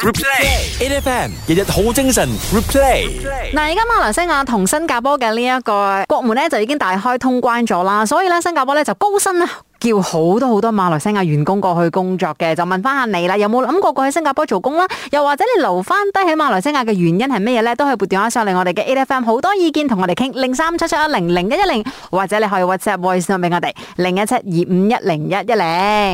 Replay，A F M，日日好精神。Replay，嗱，而家馬來西亞同新加坡嘅呢一個國門咧就已經大開通關咗啦，所以咧新加坡咧就高薪啦。叫好多好多馬來西亞員工過去工作嘅，就問翻下你啦，有冇諗過過去新加坡做工啦？又或者你留翻低喺馬來西亞嘅原因係咩嘢咧？都可以撥電話上嚟我哋嘅 A F M 好多意見同我哋傾，零三七七一零零一一零，或者你可以 WhatsApp Voice 通俾我哋零一七二五一零一一零。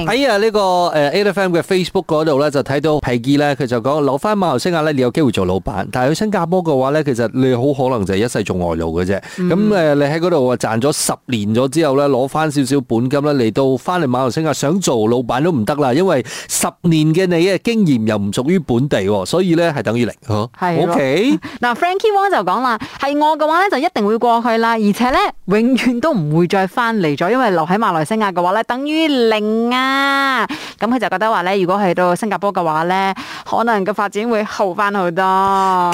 喺啊呢個誒 A F M 嘅 Facebook 嗰度咧，他就睇到皮傑咧，佢就講留翻馬來西亞咧，你有機會做老闆，但係去新加坡嘅話咧，其實你好可能就係一世做外勞嘅啫。咁、嗯、你喺嗰度話賺咗十年咗之後咧，攞翻少少本金咧，你。到翻嚟馬來西亞想做老闆都唔得啦，因為十年嘅你啊經驗又唔屬於本地，所以咧係等於零。嚇，OK。嗱，Frankie Wong 就講啦，係我嘅話咧就一定會過去啦，而且咧永遠都唔會再翻嚟咗，因為留喺馬來西亞嘅話咧等於零啊。咁佢就覺得話咧，如果去到新加坡嘅話咧，可能嘅發展會好翻好多。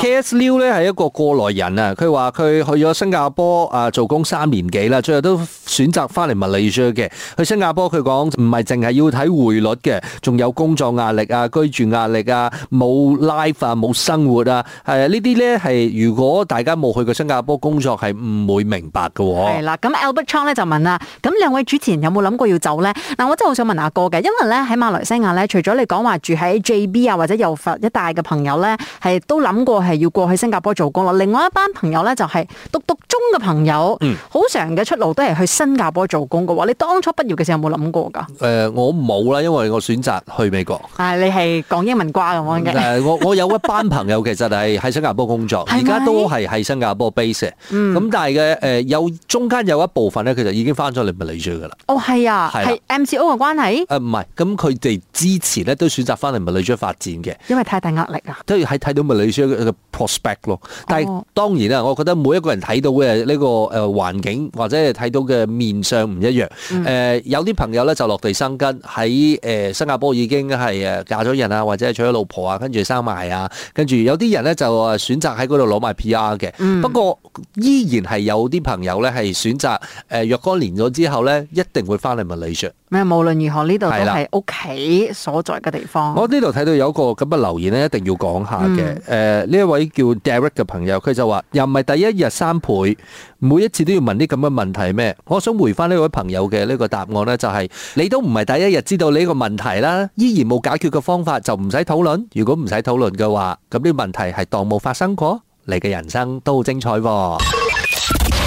KS Liu 咧係一個過來人啊，佢話佢去咗新加坡啊做工三年幾啦，最後都選擇翻嚟 Malaysia 嘅去。新加坡佢講唔係淨係要睇匯率嘅，仲有工作壓力啊、居住壓力啊、冇 life 啊、冇生活啊，係呢啲咧係如果大家冇去過新加坡工作係唔會明白嘅。係啦，咁 Albert Chong 咧就問啦，咁兩位主持人有冇諗過要走咧？嗱，我真係好想問阿哥嘅，因為咧喺馬來西亞咧，除咗你講話住喺 JB 啊或者柔佛一帶嘅朋友咧，係都諗過係要過去新加坡做工咯。另外一班朋友咧就係讀讀中嘅朋友，嗯，好常嘅出路都係去新加坡做工嘅話，你當初不要嘅。其實有冇諗過噶？誒、呃，我冇啦，因為我選擇去美國。啊，你係講英文瓜咁講嘅。我、 呃、我有一班朋友，其實係喺新加坡工作，而家 是都係喺新加坡 base 咁，嗯、但係嘅誒，有中間有一部分咧，佢就已經翻咗嚟，咪嚟住噶啦。哦，係啊，係 MCO 嘅關係。誒、呃，唔係，咁佢哋之前咧都選擇翻嚟咪嚟住發展嘅。因為太大壓力啊！都要喺睇到咪嚟住嘅 prospect 咯。但係當然啊，哦、我覺得每一個人睇到嘅呢個誒環境或者係睇到嘅面相唔一樣誒。嗯呃有啲朋友咧就落地生根，喺誒新加坡已經係誒嫁咗人啊，或者係娶咗老婆啊，跟住生埋啊，跟住有啲人咧就誒選擇喺嗰度攞埋 P.R. 嘅。嗯、不過依然係有啲朋友咧係選擇誒若干年咗之後咧，一定會翻嚟馬來西亞咩？無論如何呢度都係屋企所在嘅地方。的我呢度睇到有一個咁嘅留言咧，一定要講一下嘅。誒呢一位叫 Derek 嘅朋友，佢就話又唔係第一日三倍，每一次都要問啲咁嘅問題咩？我想回翻呢位朋友嘅呢個答案。咧就係你都唔係第一日知道你呢個問題啦，依然冇解決嘅方法就唔使討論。如果唔使討論嘅話，咁啲問題係當冇發生過，你嘅人生都好精彩。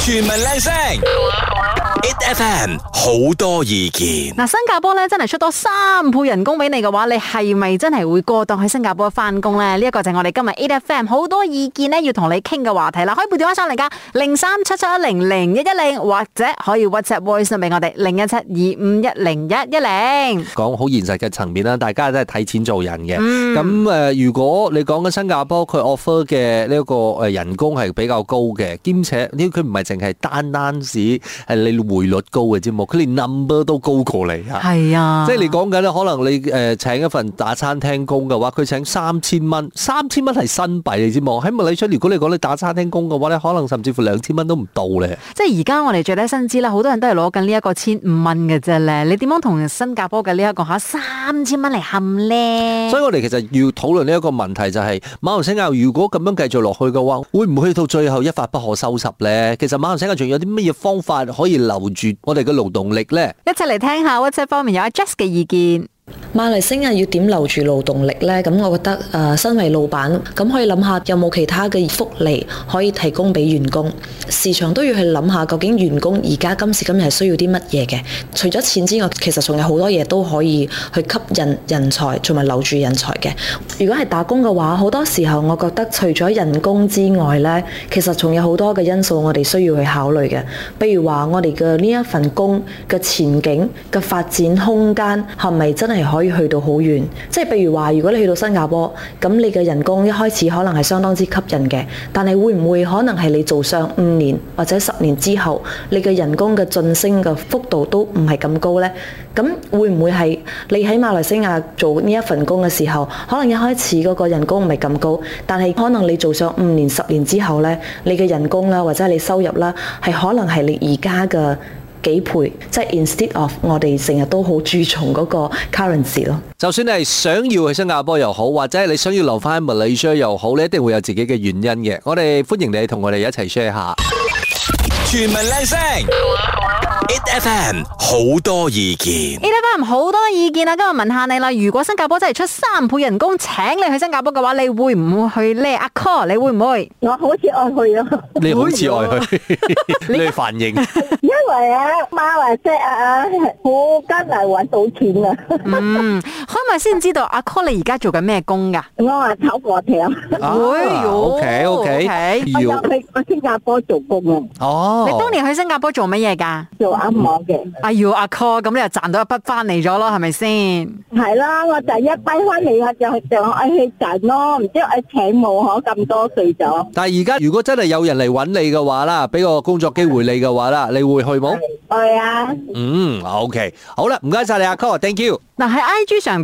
全民靚聲。8FM 好多意見。嗱，新加坡咧真係出多三倍人工俾你嘅話，你係咪真係會過檔去新加坡翻工咧？呢、這、一個就係我哋今日 8FM 好多意見咧，要同你傾嘅話題啦。可以撥電話上嚟噶，零三七七一零零一一零，0, 或者可以 WhatsApp voice 俾我哋零一七二五一零一一零。講好現實嘅層面啦，大家都係睇錢做人嘅。咁誒、嗯，如果你講緊新加坡，佢 offer 嘅呢一個誒人工係比較高嘅，兼且呢佢唔係淨係單單止係你。匯率高嘅知冇？佢連 number 都高過你是啊！係啊，即係你講緊咧，可能你誒、呃、請一份打餐廳工嘅話，佢請三千蚊，三千蚊係新幣你知冇？喺馬來西亞，如果你講你打餐廳工嘅話咧，可能甚至乎兩千蚊都唔到咧。即係而家我哋最低薪資咧，好多人都係攞緊呢一個千五蚊嘅啫咧。你點樣同新加坡嘅呢一個嚇三千蚊嚟冚咧？所以我哋其實要討論呢一個問題就係、是、馬來西亞如果咁樣繼續落去嘅話，會唔會去到最後一發不可收拾咧？其實馬來西亞仲有啲乜嘢方法可以留留住我哋嘅勞動力咧，一齊嚟聽下，WhatsApp 方面有阿 Jess 嘅意見。馬來西亞要點留住勞動力呢？咁我覺得誒、呃，身為老闆咁可以諗下，有冇其他嘅福利可以提供俾員工？市場都要去諗下，究竟員工而家今時今日係需要啲乜嘢嘅？除咗錢之外，其實仲有好多嘢都可以去吸引人才，同埋留住人才嘅。如果係打工嘅話，好多時候我覺得除咗人工之外呢，其實仲有好多嘅因素我哋需要去考慮嘅。比如話我哋嘅呢一份工嘅前景嘅發展空間係咪真係？係可以去到好遠，即係譬如話，如果你去到新加坡，咁你嘅人工一開始可能係相當之吸引嘅，但係會唔會可能係你做上五年或者十年之後，你嘅人工嘅晉升嘅幅度都唔係咁高呢？咁會唔會係你喺馬來西亞做呢一份工嘅時候，可能一開始嗰個人工唔係咁高，但係可能你做上五年、十年之後呢，你嘅人工啦或者你收入啦，係可能係你而家嘅。幾倍，即係 instead of 我哋成日都好注重嗰個 currency 咯。就算你係想要去新加坡又好，或者你想要留翻喺 Malaysia 又好，你一定會有自己嘅原因嘅。我哋歡迎你同我哋一齊 share 下。全民靚聲。e t FM 好多意見，e t FM 好多意見啊！今日問下你啦，如果新加坡真係出三倍人工請你去新加坡嘅話，你會唔會去咧？阿 Co，你會唔會？我好似愛去咯，你好似愛去， 你反應。因為啊媽話即係啊好艱難揾到錢啊。 嗯。開埋先知道阿 call 你而家做緊咩工噶？我話炒股票。哎呦，OK OK OK。我又去我新加坡做工啊。哦。你當年去新加坡做乜嘢噶？做阿毛嘅。哎呦，阿 call 咁你又賺到一筆翻嚟咗咯，係咪先？係啦，我第一筆翻嚟我就就我去賺咯，唔知我請冇可咁多歲咗。但係而家如果真係有人嚟搵你嘅話啦，俾個工作機會你嘅話啦，你會去冇？去啊。嗯，OK，好啦，唔該晒你阿 call，Thank you。嗱喺 IG 上。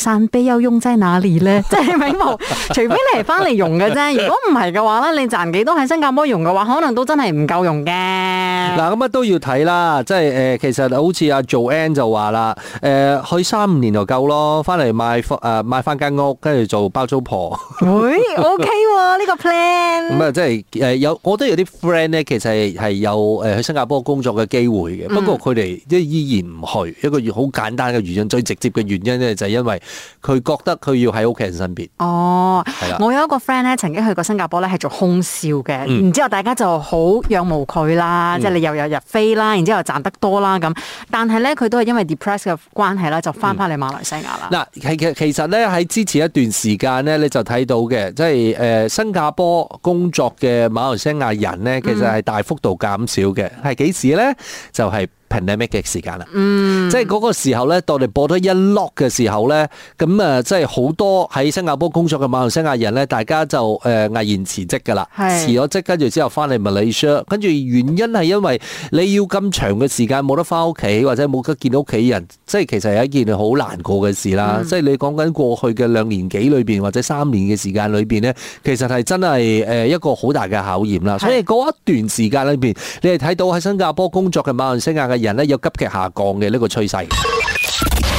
散幣又用在哪裏咧？即係冇，除非你係翻嚟用嘅啫。如果唔係嘅話咧，你賺幾多喺新加坡用嘅話，可能都真係唔夠用嘅。嗱，咁乜都要睇啦。即係誒，其實好似阿 Joanne 就話啦，誒、呃、去三五年就夠咯，翻嚟買翻誒買翻間屋，跟住做包租婆。誒、哎、，OK 喎、哦、呢 個 plan。咁啊、嗯，即係誒有，我都有啲 friend 咧，其實係有誒去新加坡工作嘅機會嘅，不過佢哋即係依然唔去。一個好簡單嘅原因，最直接嘅原因咧，就係因為。佢覺得佢要喺屋企人身邊。哦，係啦的，我有一個 friend 咧，曾經去過新加坡咧，係做空少嘅，然之後大家就好仰慕佢啦，嗯、即係你又有日飛啦，然之後賺得多啦咁。但係咧，佢都係因為 depress 嘅關係呢，就翻翻嚟馬來西亞啦。嗱、嗯，其其其實咧，喺之前一段時間咧，你就睇到嘅，即係誒新加坡工作嘅馬來西亞人咧，其實係大幅度減少嘅。係幾、嗯、時咧？就係、是。pandemic 嘅時間啦、嗯，嗯，即係嗰個時候咧，到你播得一 lock 嘅時候咧，咁啊，即係好多喺新加坡工作嘅馬、呃、是馬來西亞人咧，大家就誒毅然辭職㗎啦，係辭咗職，跟住之後翻嚟 Malaysia，跟住原因係因為你要咁長嘅時間冇得翻屋企，或者冇得見到屋企人，即係其實係一件好難過嘅事啦。嗯、即係你講緊過去嘅兩年幾裏面，或者三年嘅時間裏面咧，其實係真係誒一個好大嘅考驗啦。所以嗰一段時間裏面，你係睇到喺新加坡工作嘅馬來西亞嘅人咧有急劇下降嘅呢個趨勢。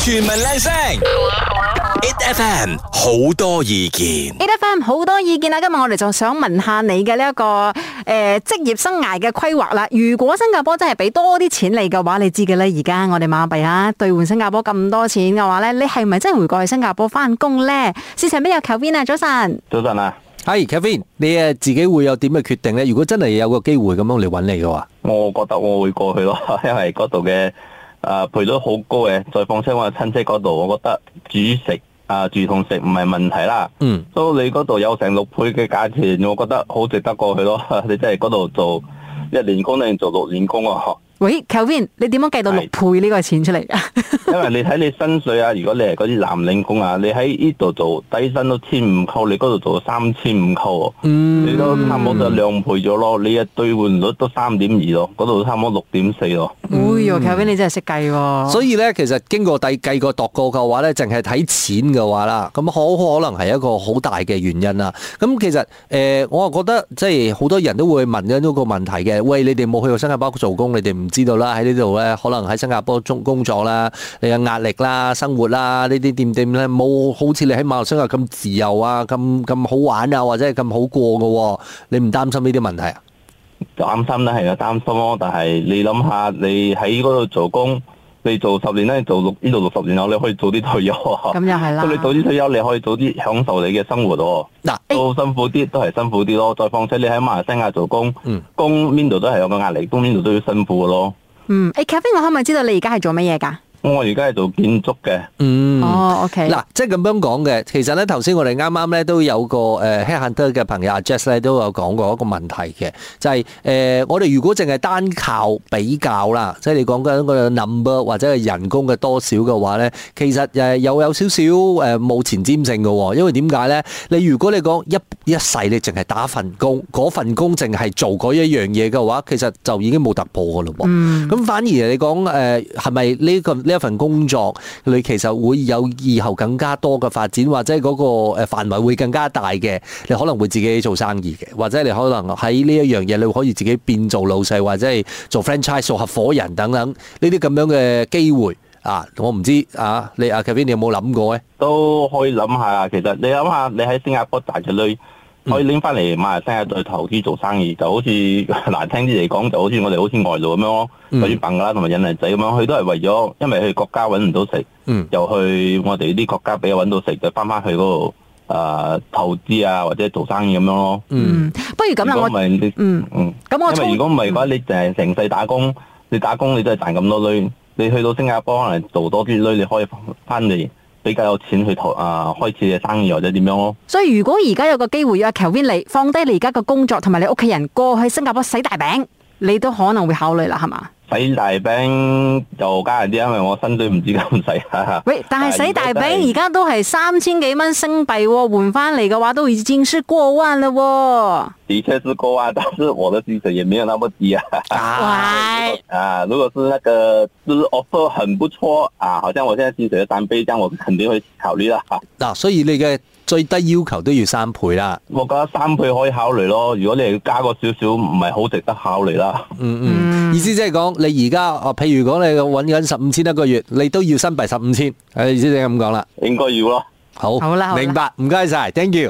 全民靚聲 8FM 好多意見 8FM 好多意見啊！今日我哋就想問下你嘅呢一個誒職業生涯嘅規劃啦。如果新加坡真係俾多啲錢你嘅話，你知嘅啦。而家我哋馬幣啊，兌換新加坡咁多錢嘅話咧，你係咪真係回過去新加坡翻工咧？市場邊有求邊啊！早晨，早晨啊！係，Kevin，你誒自己會有點嘅決定呢？如果真係有個機會咁樣，嚟揾你嘅話，我覺得我會過去咯，因為嗰度嘅誒賠率好高嘅，再放車我親戚嗰度，我覺得煮食啊住同食唔係問題啦。嗯，所以你嗰度有成六倍嘅價錢，我覺得好值得過去咯，啊。你真係嗰度做一年工定做六年工啊！喂，Kelvin，你點樣計到六倍呢個錢出嚟？因為你睇你薪水啊，如果你係嗰啲藍領工啊，你喺呢度做底薪都千五扣，你嗰度做到三千五扣，嗯、你都差唔多就兩倍咗咯。你嘅兌換率都三點二咯，嗰度差唔多六點四咯。哎呀，Kelvin，你真係識計喎。所以咧，其實經過第計過度嘅話咧，淨係睇錢嘅話啦，咁好可能係一個好大嘅原因啦。咁其實誒、呃，我啊覺得即係好多人都會問緊嗰個問題嘅。喂，你哋冇去過新加坡做工，你哋唔知道啦，喺呢度咧，可能喺新加坡中工作啦，你嘅壓力啦、生活啦呢啲點點咧，冇好似你喺馬來西亞咁自由啊、咁咁好玩啊，或者係咁好過嘅，你唔擔心呢啲問題啊？擔心啦，係啊，擔心咯，但係你諗下，你喺嗰度做工。你做十年咧，你做呢度六十年後，你可以早啲退休啊！咁又係啦，你早啲退休，你可以早啲享受你嘅生活咯。嗱，都辛苦啲，都係、欸、辛苦啲咯。再況且你喺馬來西亞做工，嗯、工邊度都係有個壓力，工邊度都要辛苦嘅咯。嗯，誒、欸，Kevin，我可唔可以知道你而家係做乜嘢噶？我而家喺度建築嘅。嗯，哦、oh,，OK。嗱，即係咁樣講嘅。其實咧，頭先我哋啱啱咧都有個誒 Headhunter 嘅朋友 Jess、啊咧都有講過一個問題嘅，就係、是、誒、呃，我哋如果淨係單靠比較啦，即係你講緊個 number 或者係人工嘅多少嘅話咧，其實誒又有少少誒冇前瞻性噶、哦。因為點解咧？你如果你講一一世你淨係打份工，嗰份工淨係做嗰一樣嘢嘅話，其實就已經冇突破噶咯。嗯。咁反而你講，誒係咪呢個？是一份工作，你其實會有以後更加多嘅發展，或者嗰個誒範圍會更加大嘅。你可能會自己做生意嘅，或者你可能喺呢一樣嘢，你可以自己變做老細，或者係做 franchise、做合夥人等等呢啲咁樣嘅機會啊！我唔知啊，你阿 Kevin 你有冇諗過咧？都可以諗下。其實你諗下，你喺新加坡大嘅咧。可以拎翻嚟馬來西亞，再投資做生意，就好似難聽啲嚟講，就好似我哋好似外勞咁樣，外、嗯、笨啦，同埋印尼仔咁樣，佢都係為咗，因為佢國家搵唔到食，又、嗯、去我哋啲國家俾佢搵到食，就翻翻去嗰度，誒、呃，投資啊，或者做生意咁樣咯。嗯，不如咁啦，我嗯我嗯，咁我、嗯，因為如果唔係嘅話，你淨係成世打工，你打工你都係賺咁多鐳，你去到新加坡可能做多啲鐳，你可以翻嚟，比較有錢去投啊，開始嘅生意或者點樣咯。所以如果而家有個機會，阿喬 Vin 放低你而家嘅工作，同埋你屋企人過去新加坡洗大餅，你都可能會考慮啦，係嘛？洗大餅就加人啲，因為我薪水唔知道。咁細。喂，但係洗大餅而家都係三千幾蚊新幣換翻嚟嘅話，都已經是過萬啦，哦。的確是高啊，但是我的薪水也沒有那麼低啊。啊,啊，如果是那個，就是 offer 很不錯啊，好像我現在薪水的三倍這樣我肯定會考慮啦、啊。嗱、啊，所以你嘅最低要求都要三倍啦。我覺得三倍可以考慮咯，如果你要加個少少，唔係好值得考慮啦。嗯嗯，意思即係講，你而家啊，譬如講你搵緊十五千一個月，你都要新幣十五千，誒，意思就係咁講啦。應該要咯。好,好。好啦，明白，唔該晒，thank you。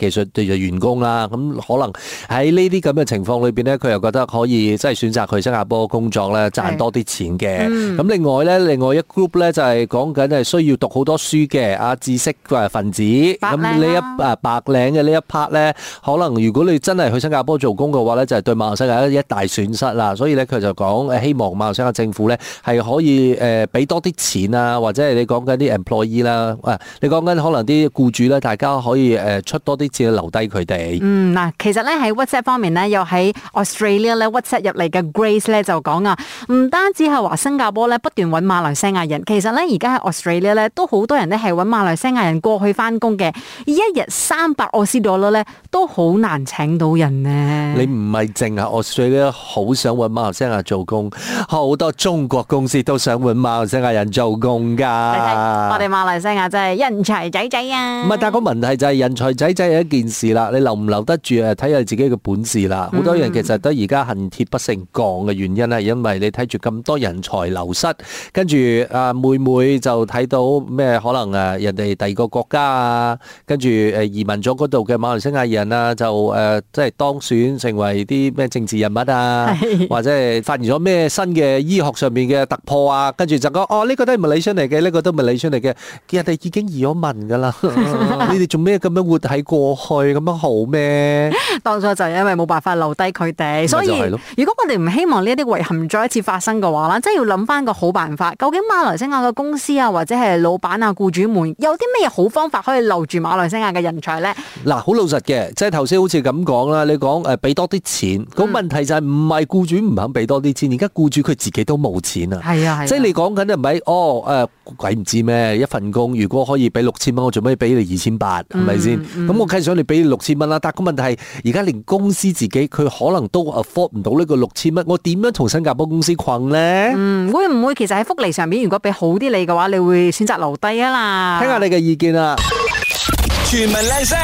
技術嘅員工啦，咁可能喺呢啲咁嘅情況裏面呢，佢又覺得可以即係選擇去新加坡工作呢，賺多啲錢嘅。咁、嗯、另外呢，另外一 group 呢，就係講緊係需要讀好多書嘅啊，知識分子。咁呢一啊白領嘅、啊、呢一 part 呢，可能如果你真係去新加坡做工嘅話呢，就係、是、對馬來西亞一大損失啦。所以呢，佢就講希望馬來西亞政府呢，係可以誒俾多啲錢啊，或者你講緊啲 employee 啦、啊，你講緊可能啲僱主呢，大家可以誒出多啲。只留低佢哋。嗯，嗱，其實咧喺 WhatsApp 方面咧，又喺 Australia 咧 WhatsApp 入嚟嘅 Grace 咧就講啊，唔單止係話新加坡咧不斷揾馬來西亞人，其實咧而家喺 Australia 咧都好多人咧係揾馬來西亞人過去翻工嘅，一日三百澳斯陀勒咧都好難請到人咧。你唔係淨係，Australia 好想揾馬來西亞做工，好多中國公司都想揾馬來西亞人做工噶。我哋馬來西亞真係人才仔仔啊！唔係，但係個問題就係人才仔仔。一件事啦，你留唔留得住啊？睇下自己嘅本事啦。好多人其實都而家恨鐵不成鋼嘅原因係因為你睇住咁多人才流失，跟住啊妹妹就睇到咩可能啊人哋第二個國家啊，跟住誒移民咗嗰度嘅馬來西亞人啊，就誒即係當選成為啲咩政治人物啊，或者係發現咗咩新嘅醫學上面嘅突破啊，跟住就講哦，呢個都唔係理想嚟嘅，呢個都唔係理想嚟嘅，人哋已經移咗民噶啦，你哋做咩咁樣活喺過？去咁樣好咩？當初就因為冇辦法留低佢哋，所以就係囉，如果我哋唔希望呢啲遺憾再一次發生嘅話啦，真係要諗翻個好辦法。究竟馬來西亞嘅公司啊，或者係老闆啊、僱主們有啲咩好方法可以留住馬來西亞嘅人才呢？嗱、啊，好老實嘅，即係頭先好似咁講啦，你講誒俾多啲錢，個、嗯、問題就係唔係僱主唔肯俾多啲錢？而家僱主佢自己都冇錢啊，係啊，係啊，即，即係你講緊咧唔係哦、呃、鬼唔知咩一份工，如果可以俾六千蚊，我做咩俾你二千八係咪先？咁我、嗯嗯想你俾六千蚊啦，但係個問題係，而家連公司自己佢可能都 afford 唔到呢個六千蚊，我點樣同新加坡公司困呢？嗯，會唔會其實喺福利上面，如果俾好啲你嘅話，你會選擇留低啊？啦，聽下你嘅意見啊！全民靚聲。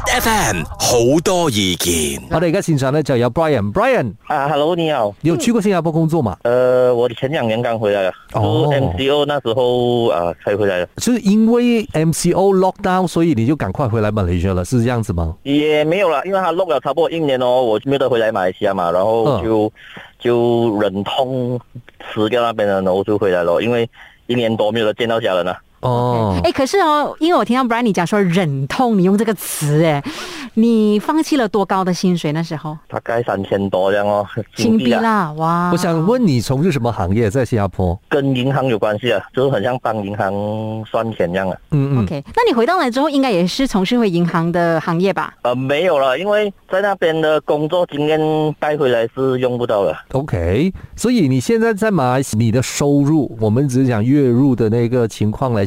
FM 好多意見，我哋而家線上咧就有 Brian，Brian 啊、uh,，Hello 你好，你有去過新加坡工作嗎？嗯、呃我前兩年剛回來，了做 MCO 那時候啊，才、呃、回來嘅，就是因為 MCO lockdown，所以你就趕快回來馬來西亞啦，是這樣子嗎？也沒有啦，因為他 lock 咗差不多一年哦、喔、我就冇得回來馬來西亞嘛，然後就、uh. 就忍痛辭掉那邊的嘅樓，然後就回來了，因為一年多冇得見到家人了、啊哦，哎、okay. 欸，可是哦，因為我聽到 Brandy 講說忍痛，你用這個詞，哎，你放棄了多高的薪水那時候？大概三千多這樣哦，新幣啦,啦，哇！我想問你從事什麼行業？在新加坡跟銀行有關係啊，就是很像幫銀行算錢一樣的、啊。嗯嗯，OK，那你回到來之後，應該也是從事回銀行的行業吧？呃，沒有了，因為在那邊的工作經驗帶回來是用不到的。OK，所以你現在在馬來西亞，你的收入，我們只是講月入的那個情況來。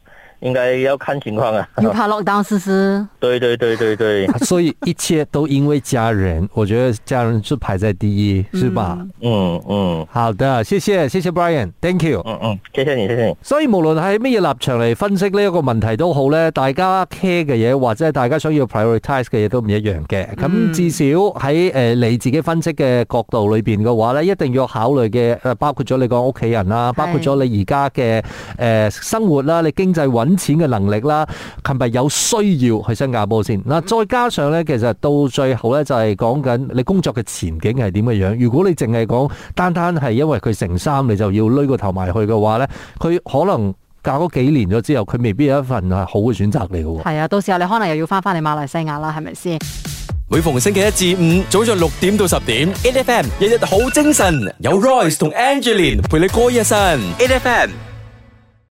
應該要看情況啊，你怕落當試試？對對對對對，所以一切都因為家人，我覺得家人就排在第一，是吧？嗯嗯，好的，嗯、謝謝謝謝 Brian，thank you，嗯嗯，謝謝你，謝謝你。所以無論係乜嘢立場嚟分析呢一個問題都好咧，大家 care 嘅嘢或者大家想要 prioritize 嘅嘢都唔一樣嘅。咁、嗯、至少喺誒你自己分析嘅角度裏邊嘅話咧，一定要考慮嘅誒，包括咗你個屋企人啦，包括咗你而家嘅誒生活啦，你經濟穩。揾錢嘅能力啦，係咪有需要去新加坡先？嗱，再加上咧，其實到最後咧就係講緊你工作嘅前景係點嘅樣。如果你淨係講單單係因為佢成三，你就要攞個頭埋去嘅話咧，佢可能隔嗰幾年咗之後，佢未必有一份係好嘅選擇嚟嘅。係啊，到時候你可能又要翻翻嚟馬來西亞啦，係咪先？每逢星期一至五早上六點到十點，8FM 日日好精神，有 Royce 同 Angelina 陪你過日晨，8FM。